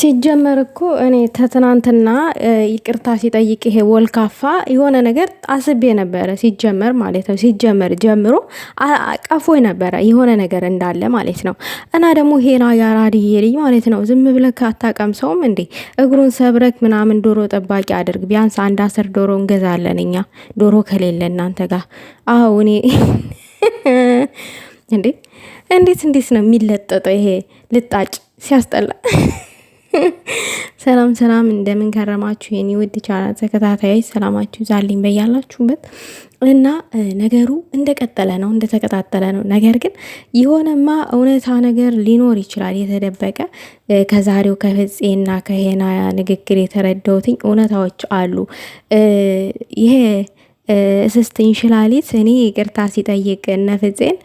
ሲጀመር እኮ እኔ ተትናንትና ይቅርታ ሲጠይቅ ይሄ ወልካፋ የሆነ ነገር አስቤ ነበረ። ሲጀመር ማለት ነው ሲጀመር ጀምሮ ቀፎ ነበረ የሆነ ነገር እንዳለ ማለት ነው። እና ደግሞ ሄና ያራድዬ ልጅ ማለት ነው ዝም ብለህ አታቀምሰውም እንዴ? እግሩን ሰብረክ ምናምን ዶሮ ጠባቂ አድርግ። ቢያንስ አንድ አስር ዶሮ እንገዛለን እኛ ዶሮ ከሌለ እናንተ ጋር። አሁ እኔ እንዴ እንዴት እንዴት ነው የሚለጠጠው ይሄ ልጣጭ ሲያስጠላ ሰላም ሰላም፣ እንደምን ከረማችሁ የኔ ውድ ቻናል ተከታታዮች፣ ሰላማችሁ ዛልኝ በያላችሁበት። እና ነገሩ እንደቀጠለ ነው እንደተቀጣጠለ ነው። ነገር ግን የሆነማ እውነታ ነገር ሊኖር ይችላል የተደበቀ። ከዛሬው ከፍፄና ከሄና ንግግር የተረዳሁትኝ እውነታዎች አሉ ይሄ እስስት እንሽላሊት እኔ ይቅርታ ሲጠይቅ እነ ፍፄን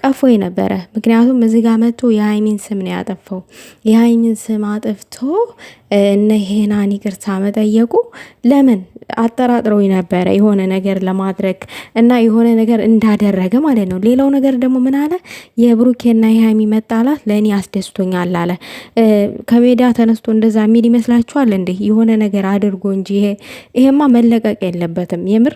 ቀፎይ ነበረ። ምክንያቱም እዚህ ጋር መጥቶ የሀይሚን ስም ነው ያጠፋው። የሀይሚን ስም አጥፍቶ እነ ሄናን ይቅርታ መጠየቁ ለምን አጠራጥረው ነበረ የሆነ ነገር ለማድረግ እና የሆነ ነገር እንዳደረገ ማለት ነው። ሌላው ነገር ደግሞ ምን አለ የብሩኬና የሀይሚ መጣላት ለእኔ አስደስቶኛል አለ። ከሜዳ ተነስቶ እንደዛ የሚል ይመስላችኋል እንዴ? የሆነ ነገር አድርጎ እንጂ ይሄ ይሄማ መለቀቅ የለበትም። የምር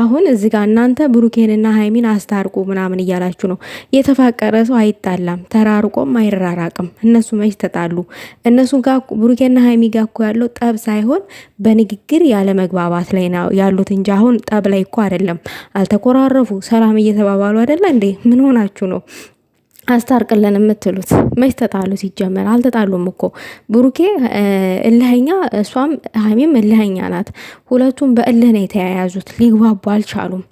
አሁን እዚ ጋር እናንተ ብሩኬንና ሀይሚን አስታርቁ ምናምን እያላችሁ ነው። የተፋቀረ ሰው አይጣላም፣ ተራርቆም አይራራቅም። እነሱ መች ተጣሉ? እነሱ ብሩኬና ሀይሚ ጋር እኮ ያለው ጠብ ሳይሆን በንግግር ያለመግባ መግባባት ላይ ነው ያሉት እንጂ አሁን ጠብ ላይ እኮ አይደለም። አልተኮራረፉ ሰላም እየተባባሉ አይደለ እንዴ? ምን ሆናችሁ ነው? አስታርቅለን የምትሉት መች ተጣሉ? ሲጀመር አልተጣሉም እኮ ብሩኬ እልህኛ፣ እሷም ሀሚም እልህኛ ናት። ሁለቱም በእልህ ነው የተያያዙት፣ ሊግባቡ አልቻሉም።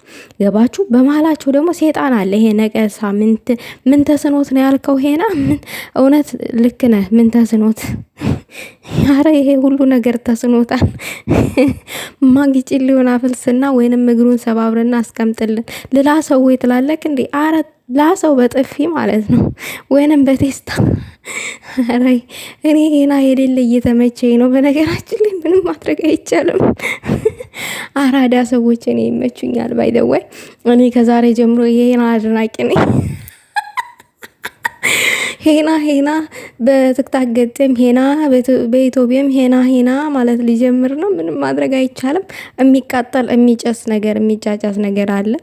ገባችሁ? በመሀላቸው ደግሞ ሴጣን አለ። ይሄ ነቀሳ ምን ተስኖት ነው ያልከው? ሄና እውነት ልክ ነህ። ምን ተስኖት? ኧረ ይሄ ሁሉ ነገር ተስኖታል። ማግጭን ሊሆን አፍልስና ወይንም እግሩን ሰባብርና አስቀምጥልን ልላ ሰው ትላለክ እንዴ? አረት ላሰው በጥፊ ማለት ነው ወይንም በቴስታ ራይ እኔ ሄና የሌለ እየተመቸኝ ነው። በነገራችን ላይ ምንም ማድረግ አይቻልም። አራዳ ሰዎች እኔ ይመቹኛል። ባይደወይ እኔ ከዛሬ ጀምሮ የሄና አድናቂ ነኝ። ሄና ሄና በትክታክ ገጥም ሄና በኢትዮጵያም ሄና ሄና ማለት ሊጀምር ነው። ምንም ማድረግ አይቻልም። የሚቃጠል የሚጨስ ነገር የሚጫጫስ ነገር አለ።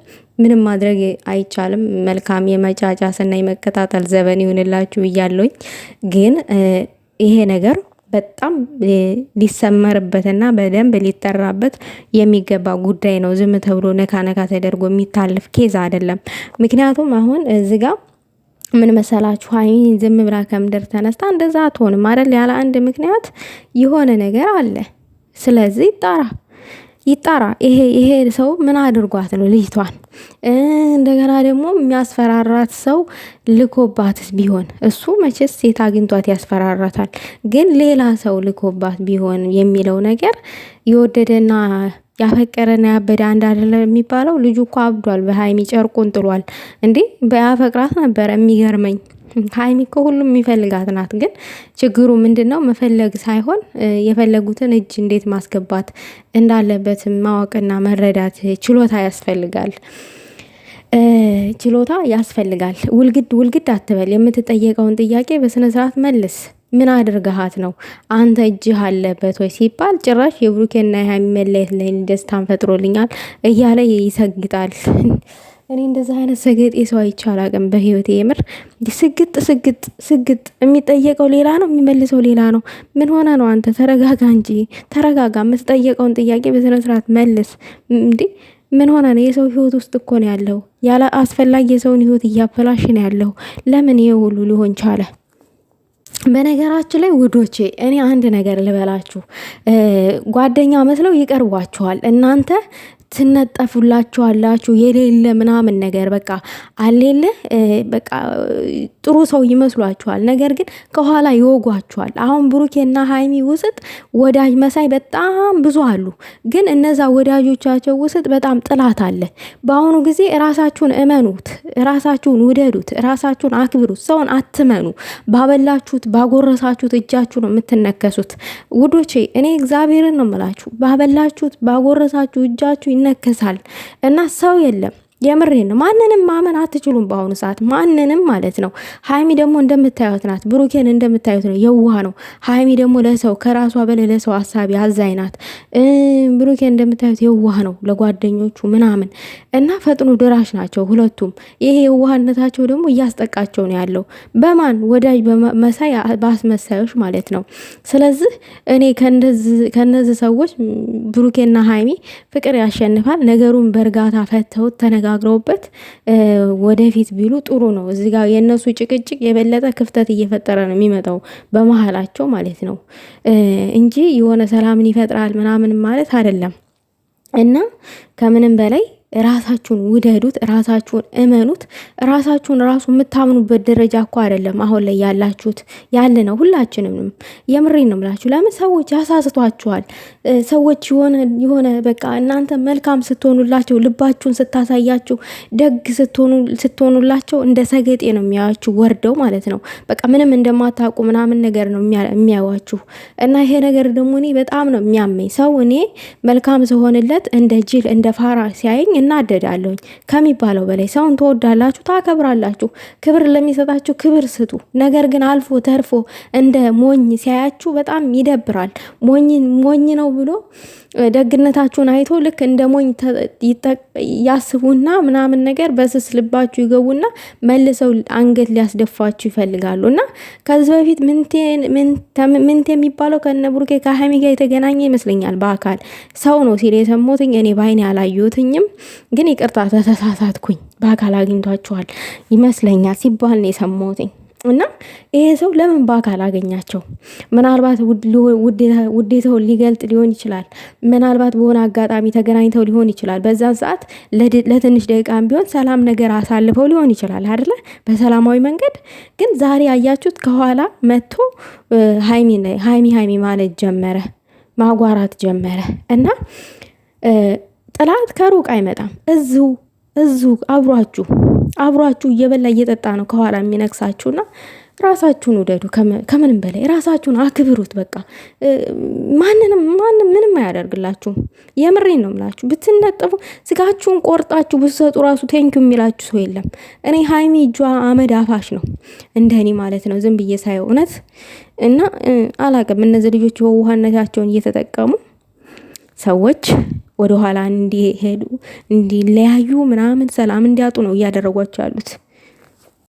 ምንም ማድረግ አይቻልም። መልካም የመጫጫስና የመከታተል ዘበን ይሁንላችሁ እያለኝ ግን ይሄ ነገር በጣም ሊሰመርበትና በደንብ ሊጠራበት የሚገባ ጉዳይ ነው። ዝም ተብሎ ነካ ነካ ተደርጎ የሚታልፍ ኬዝ አይደለም። ምክንያቱም አሁን እዚ ጋ ምን መሰላችሁ ሀይሚ ዝም ብላ ከምድር ተነስታ እንደዛ አትሆንም አይደል? ያለ አንድ ምክንያት የሆነ ነገር አለ። ስለዚህ ይጣራ። ይጣራ። ይሄ ይሄ ሰው ምን አድርጓት ነው ልጅቷን? እንደገና ደግሞ የሚያስፈራራት ሰው ልኮባትስ ቢሆን እሱ መቼስ ሴት አግኝቷት ያስፈራራታል። ግን ሌላ ሰው ልኮባት ቢሆን የሚለው ነገር የወደደና ያፈቀረና ያበደ አንድ አደለ የሚባለው። ልጁ እኮ አብዷል። በሀይሚ ጨርቁን ጥሏል እንዴ! በያፈቅራት ነበረ የሚገርመኝ ሀይሚ እኮ ሁሉም የሚፈልጋት ናት። ግን ችግሩ ምንድን ነው? መፈለግ ሳይሆን የፈለጉትን እጅ እንዴት ማስገባት እንዳለበት ማወቅና መረዳት ችሎታ ያስፈልጋል። ችሎታ ያስፈልጋል። ውልግድ ውልግድ አትበል። የምትጠየቀውን ጥያቄ በስነ ስርዓት መልስ። ምን አድርገሃት ነው አንተ እጅህ አለበት ወይ ሲባል ጭራሽ የብሩኬና የሀይሚ መለየት ላይ ደስታን ፈጥሮልኛል እያለ ይሰግጣል። እኔ እንደዛ አይነት ሰገጤ የሰው አይቼ አላውቅም በህይወቴ የምር። ስግጥ ስግጥ ስግጥ የሚጠየቀው ሌላ ነው፣ የሚመልሰው ሌላ ነው። ምን ሆነ ነው? አንተ ተረጋጋ እንጂ ተረጋጋ። የምትጠየቀውን ጥያቄ በስነ ስርዓት መልስ እንዴ። ምን ሆነ ነው? የሰው ህይወት ውስጥ እኮ ነው ያለው። ያለ አስፈላጊ የሰውን ህይወት እያበላሽ ነው ያለው። ለምን ይሄ ሁሉ ሊሆን ቻለ? በነገራችን ላይ ውዶቼ እኔ አንድ ነገር ልበላችሁ፣ ጓደኛ መስለው ይቀርቧችኋል እናንተ ትነጠፉላችኋላችሁ የሌለ ምናምን ነገር በቃ አሌለ በቃ ጥሩ ሰው ይመስሏችኋል። ነገር ግን ከኋላ ይወጓችኋል። አሁን ብሩኬና ሀይሚ ውስጥ ወዳጅ መሳይ በጣም ብዙ አሉ። ግን እነዛ ወዳጆቻቸው ውስጥ በጣም ጥላት አለ። በአሁኑ ጊዜ ራሳችሁን እመኑት፣ ራሳችሁን ውደዱት፣ ራሳችሁን አክብሩት። ሰውን አትመኑ። ባበላችሁት ባጎረሳችሁት እጃችሁ ነው የምትነከሱት። ውዶቼ እኔ እግዚአብሔርን ነው የምላችሁ፣ ባበላችሁት ባጎረሳችሁ እጃችሁ ይነከሳል እና ሰው የለም የምሬን ነው። ማንንም ማመን አትችሉም በአሁኑ ሰዓት ማንንም ማለት ነው። ሀይሚ ደግሞ እንደምታዩት ናት። ብሩኬን እንደምታዩት ነው። የውሃ ነው። ሀይሚ ደግሞ ለሰው ከራሷ በላይ ለሰው አሳቢ አዛኝ ናት። ብሩኬን እንደምታዩት የውሃ ነው ለጓደኞቹ ምናምን እና ፈጥኖ ደራሽ ናቸው ሁለቱም። ይሄ የውሃነታቸው ደግሞ እያስጠቃቸው ነው ያለው በማን ወዳጅ በመሳይ በአስመሳዮች ማለት ነው። ስለዚህ እኔ ከነዚህ ሰዎች ብሩኬና ሀይሚ ፍቅር ያሸንፋል። ነገሩን በእርጋታ ፈተውት ተነጋ ተናግረውበት ወደፊት ቢሉ ጥሩ ነው። እዚ ጋር የእነሱ ጭቅጭቅ የበለጠ ክፍተት እየፈጠረ ነው የሚመጣው በመሀላቸው ማለት ነው እንጂ የሆነ ሰላምን ይፈጥራል ምናምን ማለት አይደለም እና ከምንም በላይ ራሳችሁን ውደዱት፣ ራሳችሁን እመኑት። ራሳችሁን ራሱ የምታምኑበት ደረጃ እኮ አይደለም አሁን ላይ ያላችሁት ያለ ነው። ሁላችንም የምሬ ነው ምላችሁ። ለምን ሰዎች ያሳስቷችኋል? ሰዎች የሆነ በቃ እናንተ መልካም ስትሆኑላቸው፣ ልባችሁን ስታሳያችሁ፣ ደግ ስትሆኑላቸው እንደ ሰገጤ ነው የሚያዩዋችሁ ወርደው ማለት ነው። በቃ ምንም እንደማታውቁ ምናምን ነገር ነው የሚያዩችሁ እና ይሄ ነገር ደግሞ እኔ በጣም ነው የሚያመኝ ሰው እኔ መልካም ስሆንለት እንደ ጅል እንደ ፋራ ሲያየኝ እናደዳለሁኝ። ከሚባለው በላይ ሰውን ትወዳላችሁ፣ ታከብራላችሁ። ክብር ለሚሰጣችሁ ክብር ስጡ። ነገር ግን አልፎ ተርፎ እንደ ሞኝ ሲያያችሁ በጣም ይደብራል። ሞኝ ነው ብሎ ደግነታችሁን አይቶ ልክ እንደ ሞኝ ያስቡና ምናምን ነገር በስስ ልባችሁ ይገቡና መልሰው አንገት ሊያስደፋችሁ ይፈልጋሉ። እና ከዚህ በፊት ምንቴ የሚባለው ከነ ቡርኬ ከሀሚ ጋር የተገናኘ ይመስለኛል። በአካል ሰው ነው ሲል የሰሞትኝ እኔ ባይን አላየሁትኝም። ግን ይቅርታ ተሳሳትኩኝ፣ በአካል አግኝቷቸዋል ይመስለኛል ሲባል ነው የሰማሁትኝ። እና ይሄ ሰው ለምን በአካል አገኛቸው? ምናልባት ውዴታውን ሊገልጥ ሊሆን ይችላል። ምናልባት በሆነ አጋጣሚ ተገናኝተው ሊሆን ይችላል። በዛን ሰዓት ለትንሽ ደቂቃም ቢሆን ሰላም ነገር አሳልፈው ሊሆን ይችላል አይደለ? በሰላማዊ መንገድ ግን ዛሬ ያያችሁት ከኋላ መጥቶ ሀይሚ ሀይሚ ሀይሚ ማለት ጀመረ፣ ማጓራት ጀመረ እና ጠላት ከሩቅ አይመጣም። እዙ እዙ አብሯችሁ አብሯችሁ እየበላ እየጠጣ ነው ከኋላ የሚነግሳችሁና ራሳችሁን ውደዱ። ከምንም በላይ ራሳችሁን አክብሩት። በቃ ማንንም ማንም ምንም አያደርግላችሁም። የምሬን ነው ምላችሁ። ብትነጠፉ ስጋችሁን ቆርጣችሁ ብትሰጡ ራሱ ቴንኪው የሚላችሁ ሰው የለም። እኔ ሀይሚ እጇ አመድ አፋሽ ነው እንደ እኔ ማለት ነው፣ ዝም ብዬ ሳየው እውነት እና አላቅም። እነዚህ ልጆች በውሃነታቸውን እየተጠቀሙ ሰዎች ወደኋላ እንዲሄዱ እንዲለያዩ ምናምን ሰላም እንዲያጡ ነው እያደረጓቸው ያሉት።